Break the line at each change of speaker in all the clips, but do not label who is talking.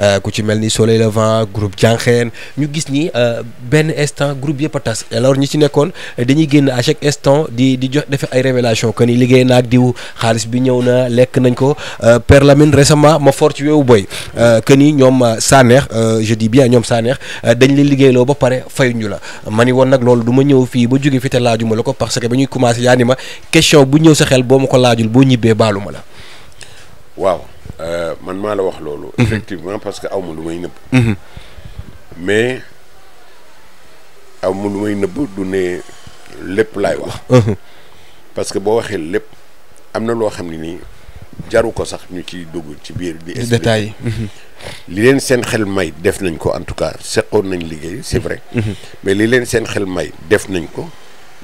Euh, ku ci mel ni Soleil Levant groupe Jànxeen ñu gis ni euh, benn instant groupe yëpp a tas alors ñi ci nekkoon dañuy génn à chaque instant di di jox defe ay révélation que ni liggéey naag diw xaalis bi ñëw na lekk nañ ko euh, Père Lamine récemment ma fort ci weewu boy que ni ñoom Sanex je dis bien ñoom sànneex dañ leen liggéeyloo ba pare fayuñu la ma ni woon nag loolu du ma ñëw fii ba jóge fi te laajuma la ko parce que ba ñuy commencé yaa ni ma question bu ñëw sa xel boo ma ko laajul boo ñibbee baalu ma la
Euh, man maa la wax loolu. Mhm. effectivement parce que aw ma lu may nëbb. Mhm. mais aw ma lu may nëbb du ne lépp laay wax. Mhm. parce que boo waxee lépp am na loo xam ne nii jaru ko sax ñu ciy dugg ci biir. di détail li leen seen xel may def nañ ko en tout cas seqoon nañ liggéey c'est vrai. mais li leen seen xel may def nañ ko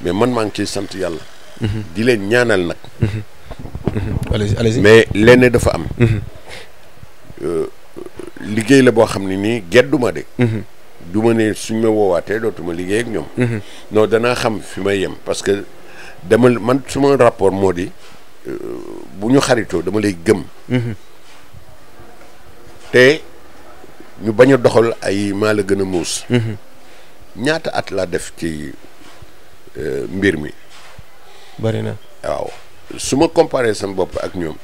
mais man maa ngi ciy sant yàlla. di leen ñaanal nag. Mhm. allez-y mais lenn dafa am. Mhm. Euh, liggéey la boo xam ne nii gedduma de. Mhm. du ne suñ ma woowaatee dootuma liggéey ak ñoom. non danaa xam fi may yem parce que dama man suma rapport moo di euh, bu ñu xaritoo dama lay gëm. te ñu bañ a doxal ay maa la gën a muus. ñaata at laa def ci euh, mbir mi. na. su ma comparé seen bopp ak ñoom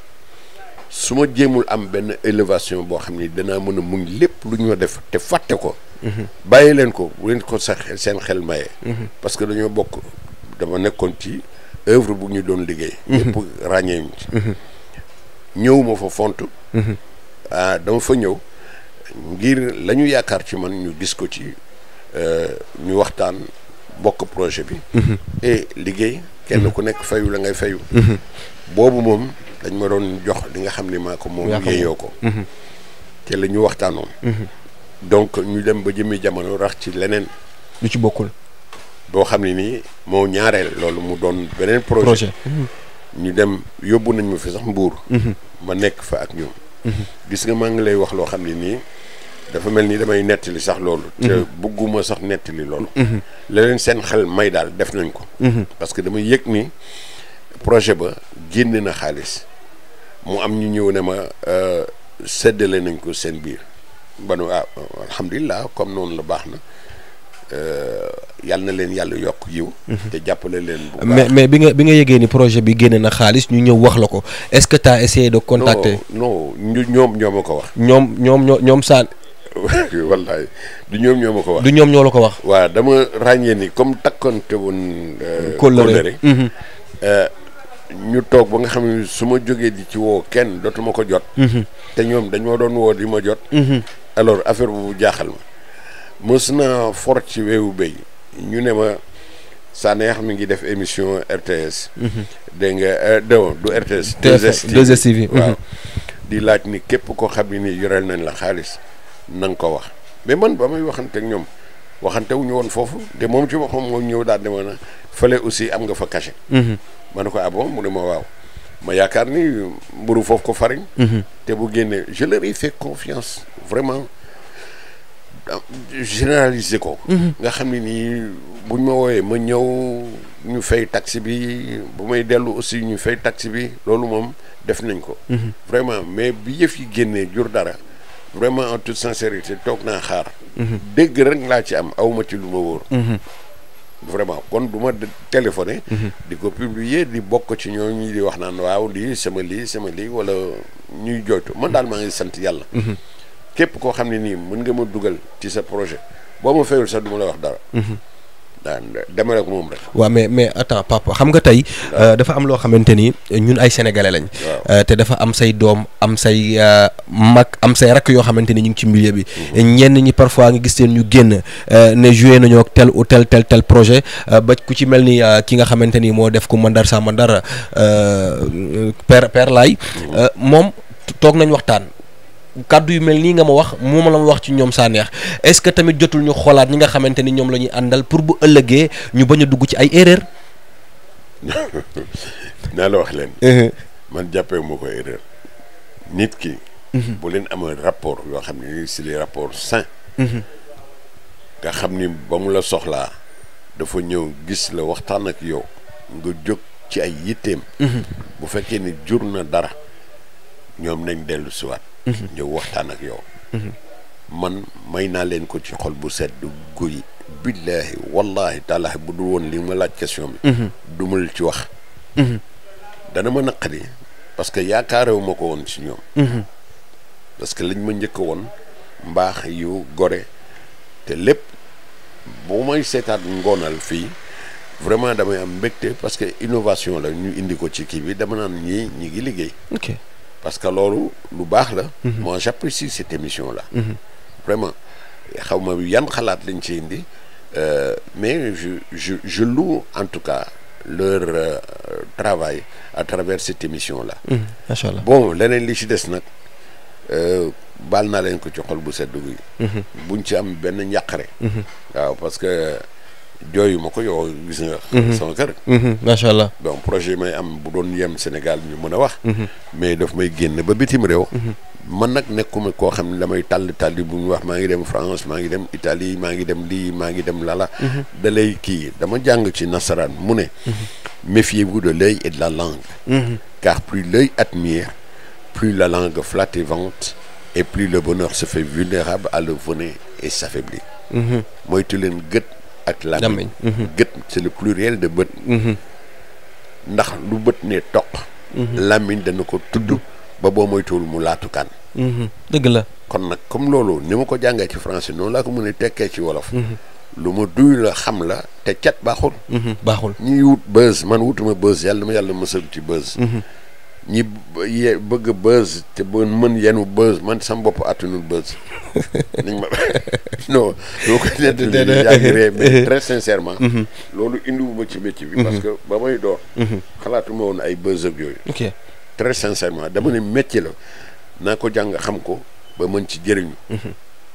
su ma jéemul am benn élévation boo xam ni danaa mën a muñ lépp lu ñu def te fàtte ko. Mhm. bàyyi leen ko bu leen ko sa seen xel maye. Mhm. parce que dañoo bokk dama nekkoon ci œuvre bu ñu doon liggéey. ñëpp mhm. ràññee ñu ci. fa font. ah dama fa ñëw ngir la ñu yaakaar ci man ñu gis ko ci euh, ñu waxtaan bokk projet bi. et liggéey. kenn ku nekk fayu la ngay fayu mhm. boobu moom dañ ma doon jox li nga xam ni maa ko moom yéeyoo ko mhm. te la ñu waxtaanoon mhm. donc ñu dem ba jëmmi jamono rax ci leneen lu ci bokkul boo xam ne nii moo ñaareel loolu mu doon beneen projet ñu dem yóbbu nañ ma fi sax mbuur ma nekk fa ak ñoom gis nga maa ngi lay wax loo xam ne nii dafa mel ni damay nettali sax loolu. te mhm. bëgguma sax nettali loolu. la mhm. leen seen xel may daal def nañ ko. Mhm. parce que dama yëg ni projet ba génne na xaalis mu am ñu ñëw ne ma euh, séddale nañ ko seen biir ba nu ah alhamdulilah noonu la baax na. Euh, yàlla na leen yàlla yokk yiw jàppale leen bu mais
bi nga bi nga yëgee ni projet bi génne na xaalis ñu ñëw wax la ko est-ce que t'as essayé de contacter
non non ñu ñoom ñoo ko wax ñoom ñoom ñoom saan wallaay du ñoom ñoo ko wax. du ñoom ñoo la ko wax. waaw dama ràññee ni comme takkonte woon. Euh, kóllëre mm-hmm. euh, ñu toog ba nga xam ne su ma jógee di ci woo kenn dootuma ko jot. Mm-hmm. te ñoom dañ ma doon woo di ma jot. Mm-hmm. alors affaire bu jaaxal ma mës naa for ci weewu béy ñu ne ma Saneex mi ngi def émission RTS. dégg nga euh, déwén du RTS. 2STV di laaj ni képp koo xam ne nii yoreel nañ la xaalis. na nga ko wax mais man ba may waxante ñoom waxante wu ñu woon foofu de moom ci boppam moo ñëw daal di ma ne fële aussi am nga fa cachet. Mhm. ma ko ah bon mu ne ma waaw. ma ni mburu foofu ko fariñ. Mhm. te bu génnee je leur ai fait vraiment généraliser ko. Mhm. nga xam ne nii buñ ma wooyee ma ñëw ñu fay taxi bi bu may dellu aussi ñu fay taxi bi loolu moom def nañ ko. vraiment mais bi yëf yi génnee jur dara. vraiment en toute sincérité toog naa xaar. Mhm. dégg rek laa ci am awma ci lu ma wóor. Mhm. vraiment kon du ma téléphoné. Mhm. di ko publier di bokk ci ñooñu di wax naan waaw lii sama lii sama lii wala ñuy jooytu man daal maa ngi sant yàlla. képp koo xam ne nii mën nga ma dugal ci sa projet boo ma fayul sax du ma la wax dara. daan dama moom rek.
waaw mais mais attends papa xam nga tey. Euh, dafa am loo xamante ni ñun ay sénégalais lañ. Euh, te dafa am say doom am say euh, mag am say rakk yoo xamante ni ñu ngi ci millier bi. Mm-hmm. ñenn ñi parfois nga gis leen ñu génn ne joué nañoo ak tel tel tel tel projet ba ku ci mel ni ki nga xamante ni moo def ko mandar sa mandar père père laay mm-hmm. moom toog nañ waxtaan. kàddu yi mel nii nga ma wax moom la ma wax ci ñoom Sanex est-ce que tamit jotul ñu xoolaat ñi nga xamante ni ñoom la ñuy àndal pour bu ëllëgee ñu bañ a dugg ci ay erreur.
naa la wax leen. Uh-huh. man jàppee moo ko erreur. nit ki. Uh-huh. bu leen amal rapport yoo xam ne c'est les rapports sains. Uh-huh. nga xam ni ba mu la soxlaa dafa ñëw gis la waxtaan ak yow nga jóg ci ay yitteem. bu fekkee ni jur na dara ñoom nañ dellu siwaat ñëw waxtaan ak yow. man may naa leen ko ci xol bu sedd guy. billahi wallahi taalaahi bu dul woon li ma laaj question bi. Mhm. du ma ci wax. Mhm. dana ma naqari parce que yaakaarewu ma ko woon ci ñoom. Mhm. parce que liñ ma njëkk woon mbaax yu gore te lépp bu may seetaat ngoonal fii. vraiment damay am mbégte parce que innovation la ñu indi ko ci kii bi dama naan ñii ñi ngi liggéey. parce que loolu lu baax la. moo mhm. moi j'apprécie cette émission la mhm. vraiment xaw ma yan xalaat lañ ci indi euh, mais je je je en tout cas leur euh, travail à travers cette émission là. Mhm. bon leneen li ci des nag euh, baal naa leen ko ci xol bu sedd gi. buñ ci am benn njàqare. waaw parce que. jooyu ma ko yow gis nga. Mhm. sama kër. Mhm, macha allah donc projet may am bu doon yem Sénégal ñu mën a wax. Mhm. mais daf may génn ba bitim réew. man nag nekkuma koo xam ne damay tàll tàlli bu ñu wax maa ngi dem France maa ngi dem Italie maa ngi dem lii maa ngi dem lala. da lay kii dama jàng ci nasaraan mu ne. méfiez-vous de l'œil et la langue. car plus l'œil admire plus la langue flatte et vante et plus le bonheur se fait vulnérable à le et s'affaiblit. moytu leen ak làmmiñ mm-hmm. gët c'est le pluriel de bët mm-hmm. ndax lu bët ne toq mm-hmm. làmmiñ dana ko tudd ba boo moytuwul mu laatukaan dëgg la kon nag comme loolu ni ma ko jàngee ci français noonu laa ko mën a tekkee ci wolof lu ma duy la xam la te cat baaxul baaxul ñiy wut buzz man wutuma buzz yàlla ma yàlla mësal ci buzz ñi bëgg a te ba mën yenu buzz man sam bopp attanul buzz nañ ma non loo ko nett yaagiree mais très sincèrement mhm. loolu indiwuma ci métier bi mhm. parce que ba may door mhm. xalaatuma woon ay buzz ak yooyu ok très sincèrement dama ne métier la naa ko jàng xam ko ba mën ci jëriñu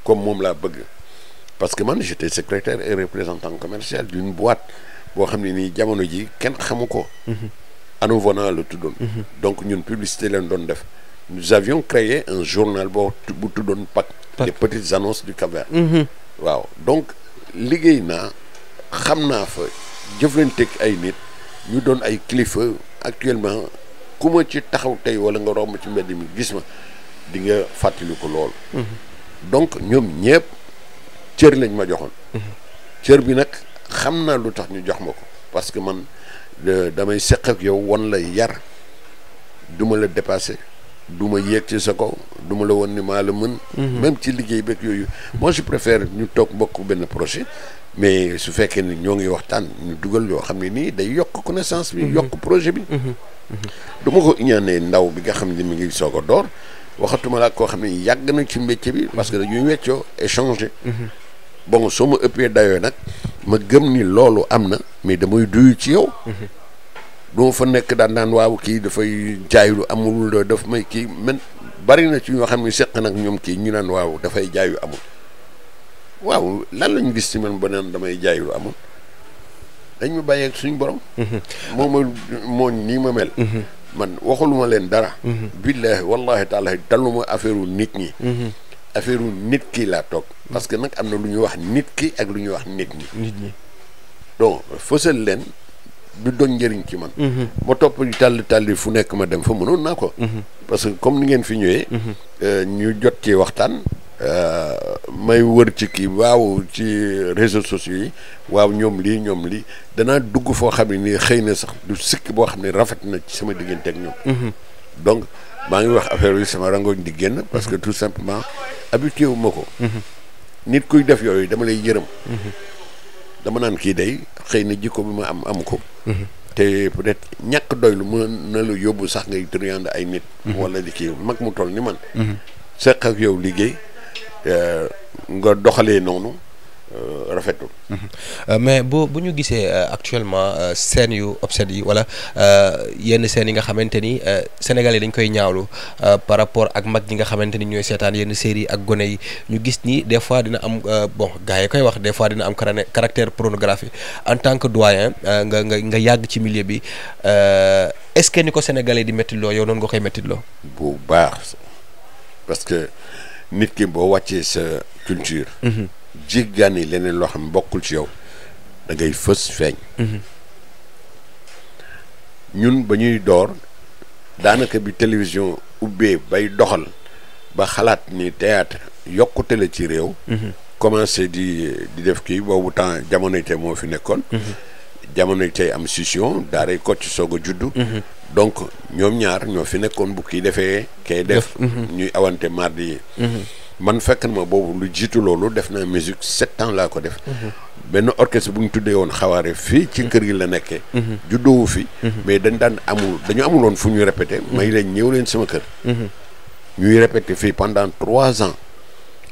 comme moom laa bëgg parce que man j'étais secrétaire et représentant commercial d'une boîte boo xam ne nii jamono ji kenn xamu ko Annovona la tuddoon. Mhm. donc ñun publicité leen doon def. nous avions créé un journal boo bu tuddoon PAC. les petites annonces du cap mhm. waaw donc liggéey naa xam naa fa tekk ay nit ñu doon ay kilifa actuellement ku ma ci taxaw tey wala nga romb ci mbedd mi gis ma di nga fàttali ko lool. Mhm. donc ñoom ñëpp cër lañ ma joxoon. cër bi nag xam naa lu tax ñu jox ma ko parce que man. damay seq ak yow wan la yar duma la dépassé du ma yéeg ci sa kaw du la woon ni maa la mën. Mhm. même ci liggéey beeg yooyu. moi je préfère ñu toog mbokk benn projet. mais su fekkee ni ñoo ngi waxtaan ñu dugal yoo xam ne nii day yokk connaissance bi. Mhm. yokk projet bi. Mhm. du ma ko ñaanee ndaw bi nga xam ne mi ngi soog a door waxatuma laa koo xam ne yàgg na ci métier bi parce que dañuy weccoo échanger. bon soo ma ëppee dayoo nag ma gëm ni loolu am na mais damay duyu ci yow. duma fa nekk daan naan waaw kii dafay jaay lu amul loo may kii man bari na ci ñoo xam ni seq nag ñoom kii ñu naan waaw dafay jaay lu
amul
lan lañu gis ci ba naan damay jaay lu amul dañ ma bàyyeeg suñu borom. Mhm. moo ma mooñ nii ma mel. Mhm. man waxuluma leen dara. Mhm. billaahi wallaahi taala taluma nit ñi. affaire nit kii laa toog. parce que nag am na lu ñuy wax nit ki ak lu ñuy wax nit ñi. nit ñi donc fësal leen du doon njëriñ ci man. Mhm. ma topp tàll tàlli fu nekk ma dem fa mënoon naa ko. Mhm. parce que comme ni ngeen fi ñëwee. Mhm. Euh, ñu jot ci waxtaan. Euh, may wër ci kii waaw ci réseaux sociaux yi waaw ñoom lii ñoom lii danaa dugg foo xam ne nii xëy na sax du sikk boo xam ne rafet na ci sama diggante ak ñoom. Mm-hmm. donc maa ngi wax affaire yi sama rangoñ di génn. parce que tout simplement habitué wu ma ko. Mm-hmm. nit kuy def yooyu dama lay yërëm. Mm-hmm. dama naan kii day xëy na jikko bi ma am am ko. te peut-être ñàkk doylu mën na la yóbbu sax ngay triande ay nit. wala di kii mag mu toll ni man. seq ak yow liggéey. Euh, nga doxalee noonu euh, rafetul. Mhm. Euh,
mais boo bu ñu gisee actuellement scène yu obsèques yi wala yenn scènes yi nga xamante ni sénégalais dañ koy ñaawlu par rapport ak mag ñi nga xamante ni ñooy seetaan yenn série ak gone yi ñu gis ni des fois dina am bon gars yi koy wax des fois dina am caractère pornographie en tant que doyen nga nga nga yàgg ci milieu bi est-ce que ni ko sénégalais di méttiloo yow noonu nga koy méttiloo.
bu baax parce que. nit ki boo wàccee sa culture. Mhm. jéggaani leneen loo xam ne bokkul ci yow dangay ngay fës feeñ. Mhm. ñun ba ñuy door daanaka bi télévision ubbee bay doxal ba xalaat ni théâtre yokkute la ci réew. Mhm. commencé di di def kii boobu temps jamono te moo fi nekkoon. jamonoy tey am scission daaray Kocc soog a juddu. Mhm. donc ñoom ñaar ñoo fi nekkoon bu kii defee. kay def mhm. ñuy awante mardi yi. Mhm. man fekk na ma boobu lu jiitu loolu def naa musique set ans laa ko def. benn orchestre bu ñu tuddee woon xawaare fii ci kër gi la nekkee. juddoowu fi. mais dañ daan amul dañu amul woon fu ñuy répété. may leen ñëw leen sama kër. ñuy répété fii pendant trois ans.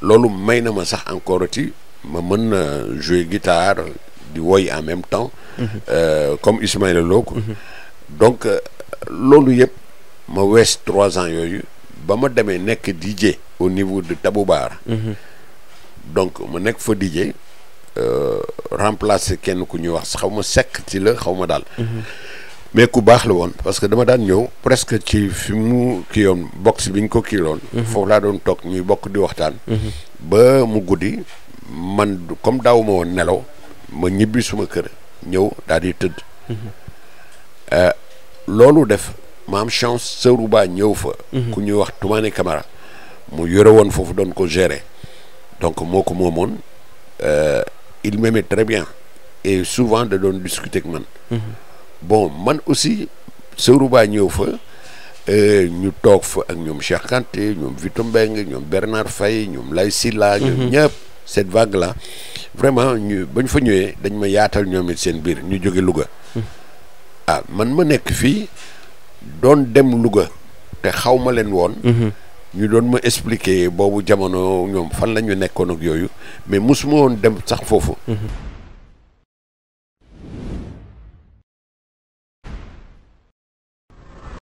loolu may na ma sax encore ci ma mën na jouer guitare. di woy en même temps mhm. euh, comme Ismaïla Lo ko mhm. donc euh, loolu yëpp ma wees trois ans yooyu ba ma demee nekk DJ au niveau de Taboubar mhm. donc ma nekk fa DJ euh, remplacer kenn ku ñuy wax xaw ma sekk ci la xaw ma daal mais ku baax la woon parce que dama daan ñëw presque ci fi mu kii yoon box bi ñu ko kii loon foofu laa doon toog ñuy bokk di waxtaan ba mu guddi man comme daawuma woon nelaw ma ñibbi suma kër ñëw daal di tëdd mhm. euh, loolu def ma am chance Sëru Ba ñëw fa mhm. ku ñuy wax tumaane Camara mu yore woon foofu doon ko gere donc moo ko moomoon euh, il m'aimait très bien et souvent da doon discuter ak man mhm. bon man aussi Sëru Ba ñëw fa euh, ñu toog fa ak ñoom Cheikh Kanté ñoom Vito Mbengue ñoom fay Faye ñoom Lay Silla ñoom ñëpp cette vague là vraiment ñu ba ñu fa ñëwee dañ ma yaatal ñoom it seen biir ñu jóge Louga. Hmm. ah man ma nekk fii doon dem Louga te xaw ma leen woon. Hmm. ñu doon ma expliquer boobu jamono ñoom fan la ñu nekkoon ak yooyu mais mosuma woon dem sax foofu. Hmm.